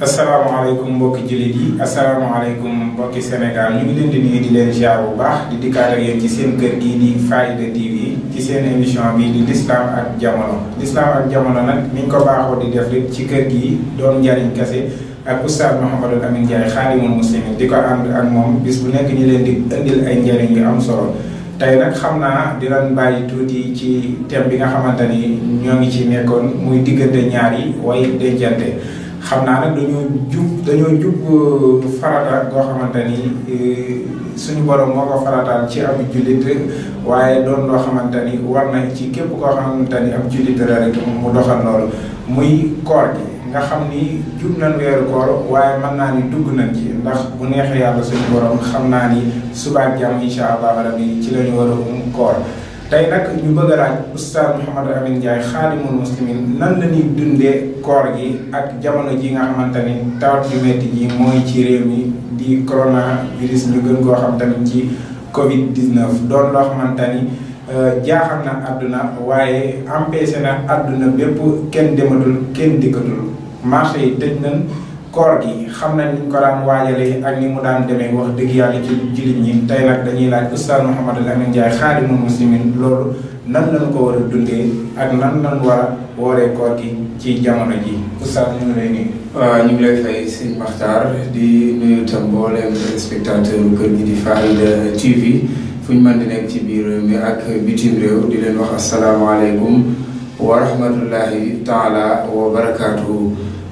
asalaamaaleykum mbokki jullit yi asalaamaaleykum mbokki Sénégal ñu ngi leen di nuyu di leen ziar bu baax di dikkaat ak ci seen kër gi nii Faaida TV ci seen émission bi di l'islam ak jamono l'islam ak jamono nag niñ ko baaxoo di def ci kër gi doon njariñ kese ak oustaz Mouhamadou Amine Ndiaye xaalimul muslimin di ko ànd ak moom bis bu nekk ñu leen di indil ay njariñ yu am solo tey nag xam naa dinañ bàyyi tuuti ci thème bi nga xamante ni ñoo ngi ci nekkoon muy diggante ñaar yi way xam naa nag dañoo jub dañoo jub euh, farata goo xamante ni euh, suñu borom moo ko farataal ci ab jullit waaye doon loo xamante ni war na ci képp koo xamante ni ab jullit la rek mu doxal loolu muy koor gi nga xam ni jub nañ weeru koor waaye mën naa ni dugg nañ ci ndax bu neex yàlla suñu borom xam naa ni suba ak jàmm incha allah rabi ci la war a um koor. tey nag ñu bëgg a laaj oustaz Mouhamadou Amine Ndiaye xaadimul muslimin nan la ñuy dundee koor gi ak jamono ji nga xamante ni tawat yu metti ji mooy ci réew mi di coronavirus ñu gën koo xam tamit ci Covid 19 doon loo xamante ni euh, jaaxal na àdduna waaye empêché na àdduna bépp kenn dematul kenn dikkatul marché yi tëj nañ. koor gi xam nañ ni ko daan waajalee ak ni mu daan demee wax dëgg yàlla ci jullit ñi tey nag dañuy laaj oustaz Mouhamadou Lamine Ndiaye xaadimul muslimin loolu nan lañ ko war a dundee ak nan lañ war a wooree koor gi ci jamono ji oustaz ñu ngi lay nuyu. waaw Maxtaar di nuyu tam mbooleem spectateur kër gi di Faaida TV fu ñu mën di nekk ci biir mi ak bitim réew di leen wax asalaamaaleykum wa rahmatullahi taala wa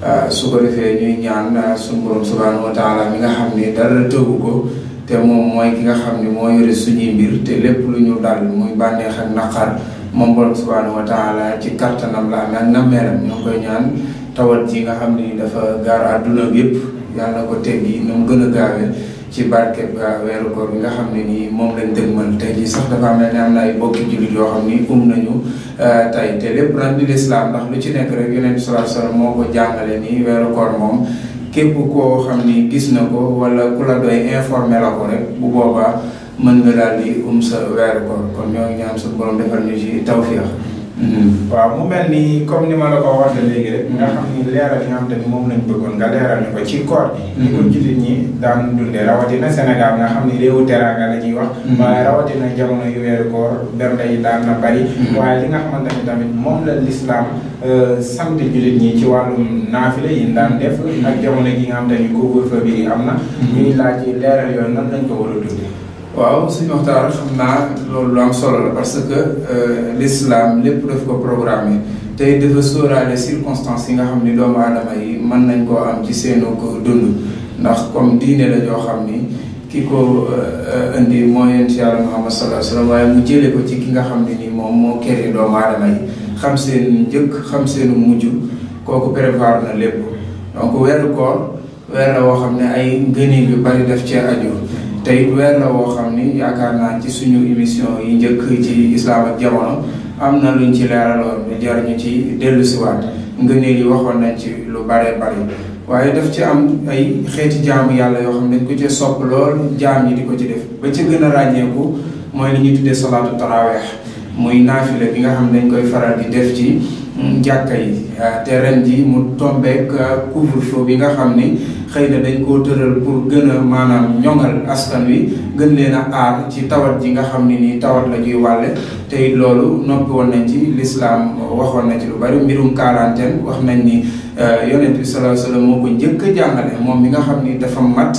Eh, su ko defee ñuy ñaan eh, suñu borom subhanahu wa taala nga xam ne dara tëwu ko te moom mooy ki nga xam ne moo yore suñuy mbir te lépp lu ñu dal muy bànneex ak naqar moom borom subhanahu wa taala ci kattanam la amee ak nammeelam ñoo koy ñaan tawat ji nga xam ne dafa gaar àdduna bi yëpp yàlla na ko teggi ni gën a gaawee ci barke ba euh, weeru koor bi nga xam ne nii moom lañ dëgmal tey sax dafa mel ne am na ay bokki jullit yoo xam ni um nañu euh, tey te lépp nag di lislaam ndax lu ci nekk rek Yonent bi sallallahu alayhi moo ko jàngale nii weeru koor moom képp koo xam ni gis na ko wala ku la doy informé la ko rek bu boobaa mën nga daal di um sa weeru koor kon ñoo ngi ñaan suñu borom defal ñu ci tawfiix Mm-hmm. waaw mu mel ni comme ni ma la ko waxee léegi rek. nga mm-hmm. xam ni leeral yi nga xam ni moom lañ bëggoon nga leeral ñu ko ci koor bi. ni ko mm-hmm. jullit ñi daan dundee rawatina Sénégal nga xam ni réewu teraanga la ñuy wax. waaye rawatina jamono yu weeru koor bernde yi daan na bari. waaye li nga xamante ni tamit moom la lislaam euh, sant jullit ñi ci wàllum naafile yi daan def ak jamono gi nga xam te ni couvre-feu bi am na. ñuy laaj leeral yooyu nan lañ ko war a dundee. waaw suñu waxtaan xam naa loolu lu am solo la parce que euh, l'islam lépp daf ko programmé tey dafa sóoraale circonstances yi nga xam ni doomu aadama yi mën nañ koo am ci seenu ko dund ndax comme diine la xam ni ki ko euh, indi mooy yonent Yàlla Muhammad sallallahu alayhi wa waaye mu jëlee ko ci ki nga xam ne nii moom moo kere doomu aadama yi xam seen njëkk xam seenu mujj kooku prévoir na lépp donc weeru koor weer la woo xam ne ay ngëneel yu bari daf cee aju tey weer la woo xam ni yaakaar naa ci suñu émission yi njëkk ci islam ak jamono am na luñ ci leeraloon jar ñu ci dellusiwaat ngëneel yi waxoon nañ ci lu bare bari waaye daf ci am ay xeeti jaamu yàlla yoo xam ne ku ci sopp lool jaam ñi di ko ci def ba ci gën a ràññeeku mooy li ñuy tuddee salaatu taraaweex muy naafile bi nga xam ne dañ koy faral di def ci. jàkka yi euh, te ren ji mu tombeek euh, couvre-feu bi nga xam ni xëy na dañ koo tëral pour gën maanaam ñoŋal askan wi gën leen a aar ci tawat ji nga xam ni nii tawat la ñuy wàlle te it loolu noppi woon nañ ci lislaam waxoon nañ ci lu bari mbirum quarantaine wax nañ ni euh, yonent bi sallallahu alayhi moo ko njëkk a jàngale moom mi nga xam ni dafa mat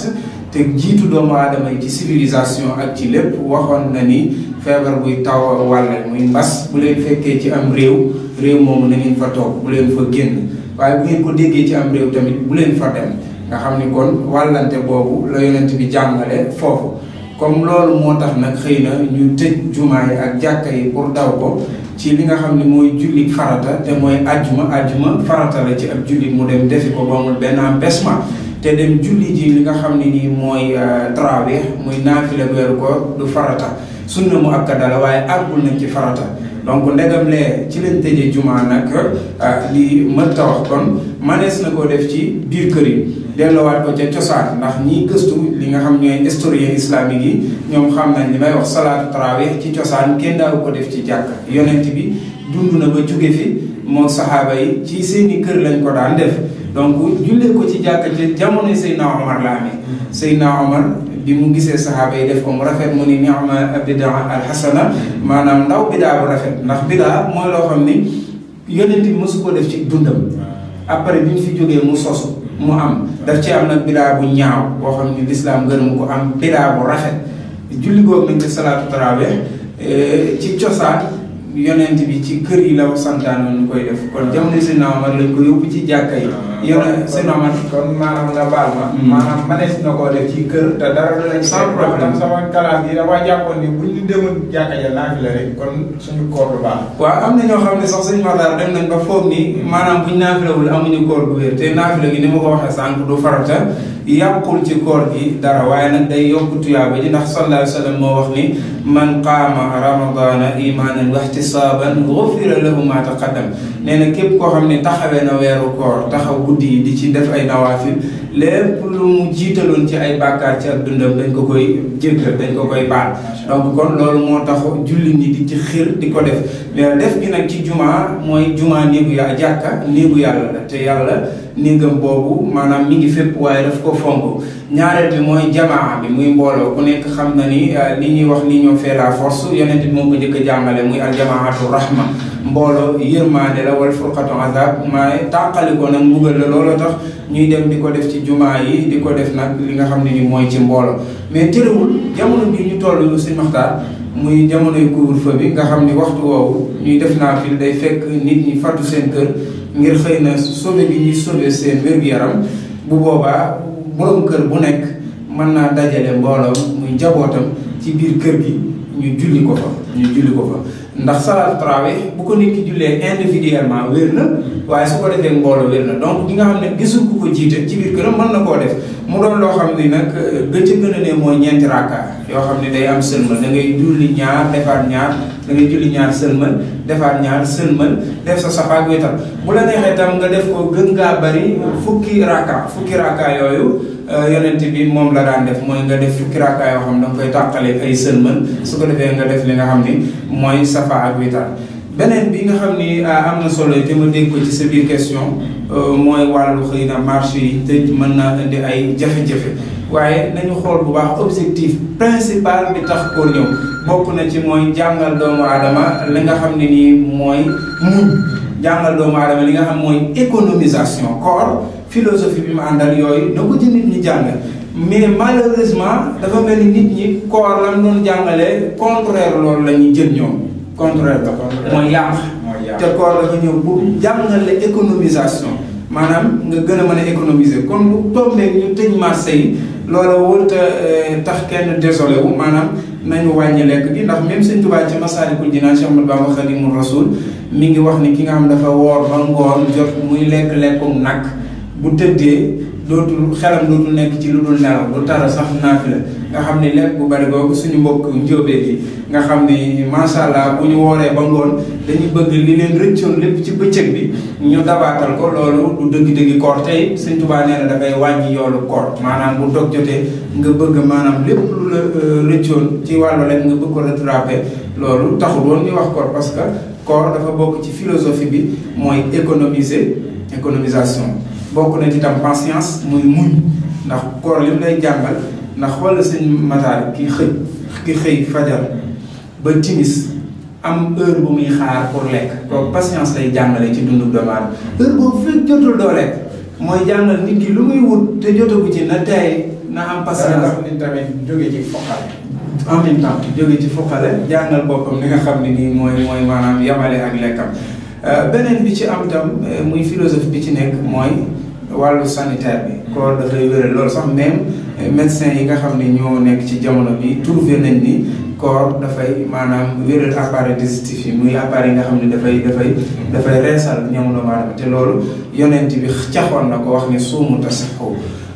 te jiitu doomu adama ci civilisation ak ci lépp waxoon na ni feebar buy taw la muy mbas bu leen fekkee ci am réew réew moomu na ngeen fa toog bu leen fa génn waaye bu ngeen ko déggee ci am réew tamit bu leen fa dem nga xam ni kon wàllante boobu la yonent bi jàngale foofu comme loolu moo tax nag xëy na ñu tëj jumaa yi ak jàkka yi pour daw ko ci li nga xam ne mooy jullit farata te mooy ajjuma ajjuma farata la ci ab jullit mu dem defi ko ba mu benn empêchement te dem julli ji li nga xam ne nii mooy euh, trawih muy naafila weeru koor du farata sunna mu akkada la waaye àggul nañ ci farata donc ndegam lee ci lañ tëjee jumaa nag euh, li mënta wax kon manees na koo def ci biir kër yi delloowaat ko ca cosaan ndax ñiy gëstu li nga xam ñooy historien islamique yi ñoom xam nañ li may wax salaatu trawih ci cosaan kenn daaw ko def ci jàkk yonent bi dund na ba jóge fi moom saxaaba yi ci seeni kër lañ ko daan def donc jullee ko ci jàkka ci jamono Seydina Omar la amee mm-hmm. Seydina Omar bi mu gisee saxaaba yi def ko mu rafet mu ni ni'ma bidaa alxasana mm-hmm. maanaam ndaw bidaa bu rafet ndax bidaa mooy loo xam ni yonent bi mosu ko def ci dundam ah. après bi ñu fi jógee mu sosu mu am def ci am nag bidaa bu ñaaw boo xam ni lislaam gën am bidaa bu rafet julli googu nañ ko salaatu tarawih eh, ci cosaan yonent bi ci kër yi la santaanoon ñu koy def kon jamono Seydina Omar lañ ko yóbbu ci jàkka yi. Ah, yone Seydina Omar kon maanaam nga baal ma. Hmm. maanaam manees na koo def ci kër te dara du lañ. sans problème sama kalaas yi dafa jàppoon ni buñ ñu demoon ja naa fi la rek kon suñu koor du baax. waaw am na ñoo xam ne sax suñu Maxtaar dem nañ ba foog ni hmm. maanaam buñ naafilawul amuñu koor bu wér te naafila gi ni ma ko waxee sànq du farata hmm. yàqul ci koor gi dara waaye nag day yokk tuyaaba ji ndax sallallahu alayhi wa sallam moo man qaama ramadaana imaanan wa ihtisaaban gufira lahu ma taqaddam nee na képp koo xam ne taxawee na weeru koor taxaw guddi yi di ci def ay nawaafil lépp lu mu jiitaloon ci ay bàkkaar ci ak dundam dañ ko koy jéggal dañ ko koy baal donc kon loolu moo tax julli ni di ci xir di ko def mais def gi nag ci jumaa mooy jumaa néegu yaa jàkka néegu yàlla te yàlla néegam boobu maanaam mi ngi fépp waaye daf ko fonk ñaareel bi mooy jamaa bi muy mbooloo ku nekk xam na ni euh, li ñuy wax li ñoo fait la force yonent bi moo ko njëkk a jàngale muy aljamaatu rahma mbooloo yërmaande la wal furqatu azab maaye tàqaliko nag mbugal la looloo tax ñuy dem di ko def ci jumaa yi di ko def nag li nga xam ne ni mooy ci mbooloo mais tërëwul jamono bi ñu toll si maxtaar muy jamonoy couvre-feu bi nga xam ni waxtu woowu ñuy def naa fil day fekk nit ñi fàttu seen kër ngir xëy na sol bi ñuy sauver seen wér yaram bu boobaa borom kër bu nekk mën naa dajale mbooloo muy njabootam ci biir kër gi ñu julli ko fa ñu julli ko fa ndax salaat trawee bu ko nit ki jullee individuellement wér na waaye su ko defee mbooloo wér na donc ñi nga xam ne gisul ku ko jiite ci biir këram mën na koo def mu doon loo xam ne nag gëcc euh, gën a ne mooy ñeenti rakka yoo xam ne day am sëlmal da ngay julli ñaar defaat ñaar da ngay julli ñaar sëlmal defaat ñaar sëlmal def sa safaak wetal bu la neexee tam nga def ko gën ngaa bari fukki rakka fukki rakka yooyu euh, yonent bi moom la daan def mooy nga def fukki rakka yoo xam ne da nga koy tàqale ay sëlmal su ko defee nga def li nga xam ni mooy safa ak witar beneen bi nga xam ni ah, am na solo te ma dégg ko ci sa biir question euh, mooy wàllu xëy na marché yi tëj mën naa indi ay jafe-jafe waaye nañu xool bu baax objectif principal bi tax koo ñëw bokk na ci mooy jàngal doomu aadama li nga xam ni nii mooy muñ jàngal doomu aadama li nga xam mooy économisation corps philosophie bi mu àndal yooyu na ko ci nit ñi jàng mais malheureusement dafa mel ni nit ñi koor la doon jàngale contraire loolu la ñuy jël ñoom. contraire la contraire mooy yàq. mooy yàq te koor ñëw bu jàngale économisation. maanaam nga gën a man a économiser kon bu tombee ñu tëj marché yi loola warut a euh, tax kenn désolé wu maanaam nañu wàññi lekk gi ndax même Sëñ Tuubaa ci Masaalikul Jinaan Cheikh Ahmadou Bamba Xaadimu Rasuul mi ngi wax ni ki nga xam dafa woor ba ngoon jot muy lekk lekkum nag bu tëddee. loolu dootul xelam dootul nekk ci lu dul nelaw lu tara sax naafila nga xam ni lekk bu bari googu suñu mbokk njóobee gi nga xam ni macha allah bu ñu wooree ba ngoon dañuy bëgg li leen rëccoon lépp ci bëccëg bi ñu dabaatal ko loolu du dëgg-dëgg koor tey Sëñ Tuubaa nee na dafay wàññi yoolu koor maanaam bu dog jotee nga bëgg maanaam lépp lu la euh, rëccoon ci wàllu lekk nga bëgg ko rattraper loolu taxul woon ñu wax koor parce que koor dafa bokk ci philosophie bi mooy économiser économisation bokk na ci tam patience muy muñ ndax koor lim lay jàngal ndax xoolal sëñ mataar ki xëy ki xëy fajar ba am heure mu muy xaar pour lekk kooku patience lay jàngale ci dundu doomu aadama heure boobu fekk jotul doo lekk mooy jàngal nit ki lu muy wut te jotagu ci na tey na am patience nit tamit jóge ci foqale en même temps jóge ci foqale jàngal boppam li nga xam ne nii mooy mooy maanaam yamale ak lekkam euh, beneen bi ci am tam euh, muy philosophie bi ci nekk mooy wàllu sanitaire bi. koor dafay wéral loolu sax même médecin yi nga xam ne ñoo nekk ci jamono bi trouvé nañ ni koor dafay maanaam wéral appareil digestif yi muy appareil yi nga xam ne dafay dafay dafay reesal ñamu doomu lool te loolu yonent bi caxoon na ko wax ne suumu tasixu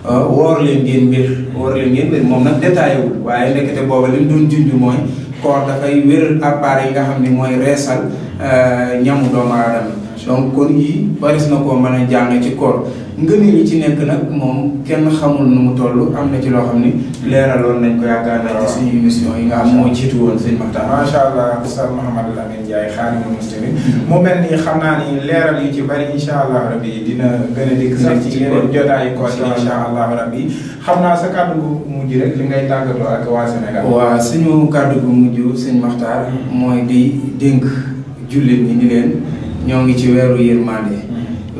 euh, woor leen ngeen mbir woor leen ngeen mbir moom nag détaillé wul waaye nekkate booba li mu doon junj mooy koor dafay wéral appareil yi nga xam ni mooy reesal euh, ñamu doomu aadama kon yi baris na koo mën a jàng ci koor ngëneel yi ci nekk nag moom kenn xam nu mu toll am na ci loo xam ni leeraloon nañ ko yaakaar naa ci suñu émission yi nga xam moo jiitu woon sëñ Maxtaar macha allah Oustaz Mouhamadou Lamine Ndiaye xaalimul muslimin mm-hmm. mu mel ni xam naa ni leeral yu ci bari incha allah rabbi dina gën a dikk sax ci yeneen jotaayu koor allah rabbi xam naa sa kàddu gu mujj rek li ngay tàggatoo ak waa Sénégal waaw suñu kàddu mujj sëñ Maxtaar mm-hmm. mooy di dénk jullit ñi ni leen ñoo ngi ci weeru yërmande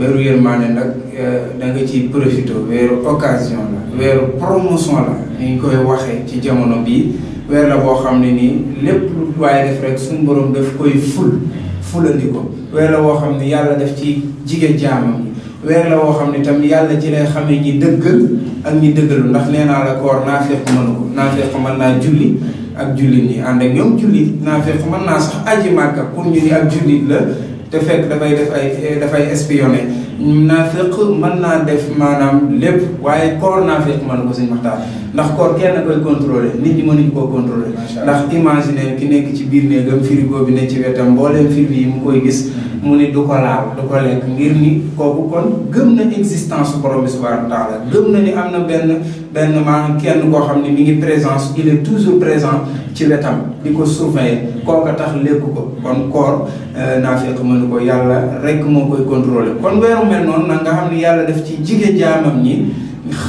weeru yërmande nag eh, da nga ciy profité weeru occasion la weeru promotion la ni ñu koy waxee ci jamono bii weer la boo xam ne nii lépp waaye def rek suñu borom daf koy ful fulandi weer la boo xam ne yàlla def ci jigéen jaamam weer la woo xam ne tam yàlla ci lay xamee ñi dëggal ak ñi dëggalu ndax nee naa la koor naa fekk mënu ko naa fekk mën naa julli ak jullit ñi ànd ak ñoom jullit naa fekk mën naa sax aji màkka pour ñu ni ak jullit la te fekk dafay def ay dafay espionné naafiq mën naa def maanaam lépp waaye koor naafiq mën ko suñu waxtaan ndax koor kenn koy contrôlé nit ñi mënuñu koo contrôlé ndax imaginer ki nekk ci biir néegam frigo bi ne ci wetam mbooleem film yi mu koy gis mu ne du ko laal du ko lekk ngir ni kooku kon gëm na existence borom bi subhanahu wa gëm na ni am na benn benn maanaam kenn koo xam ne mi ngi présence il est toujours présent ci wetam di ko surveiller kooka tax lekk ko kon koor euh, naa fekk mënu ko yàlla rek moo koy contrôler kon weeru mel noonu nag nga xam ne yàlla def ci jige jaamam ñi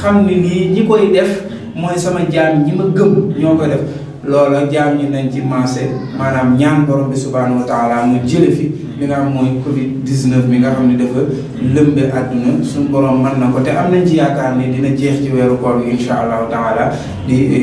xam ni lii ñi koy def mooy sama jaam ñi ma gëm ñoo koy def loola jaam ñi nañ ci maase maanaam ñaan borom bi subhanahu wa fi bi nga xam mooy Covid 19 mi nga xam ne dafa lëmbe àdduna suñu borom mën na ko te am nañ ci yaakaar ni dina jeex ci weeru koor bi incha allahu taala di e,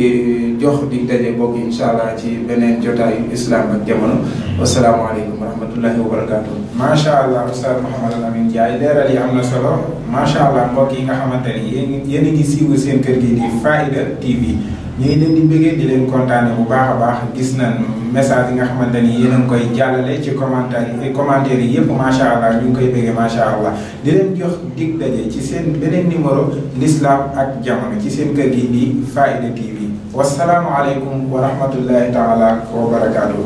jox di daje bokk incha allah ci beneen jotaayu islaam ak jamono. wasalaamaaleykum. rahmatullahi wa barakaatu. macha allah oustaz Mouhamadou Amine leeral yi am na solo macha allah mbokk yi nga xamante ne yéen yéen a ngi siiwal seen kër gi di Faaida TV ñu ngi leen di bëggee di leen kontaane bu baax a baax gis nañ message yi nga xamante ni yéen a ngi koy jàllale ci commentaire yi commentaire yi yëpp macha allah ñu ngi koy bëggee macha allah di leen jox dig daje ci seen beneen numéro l'islam ak jamono ci seen kër gi di Faaida TV wasalaamualeykum wa rahmatullahi taala wa barakaatu.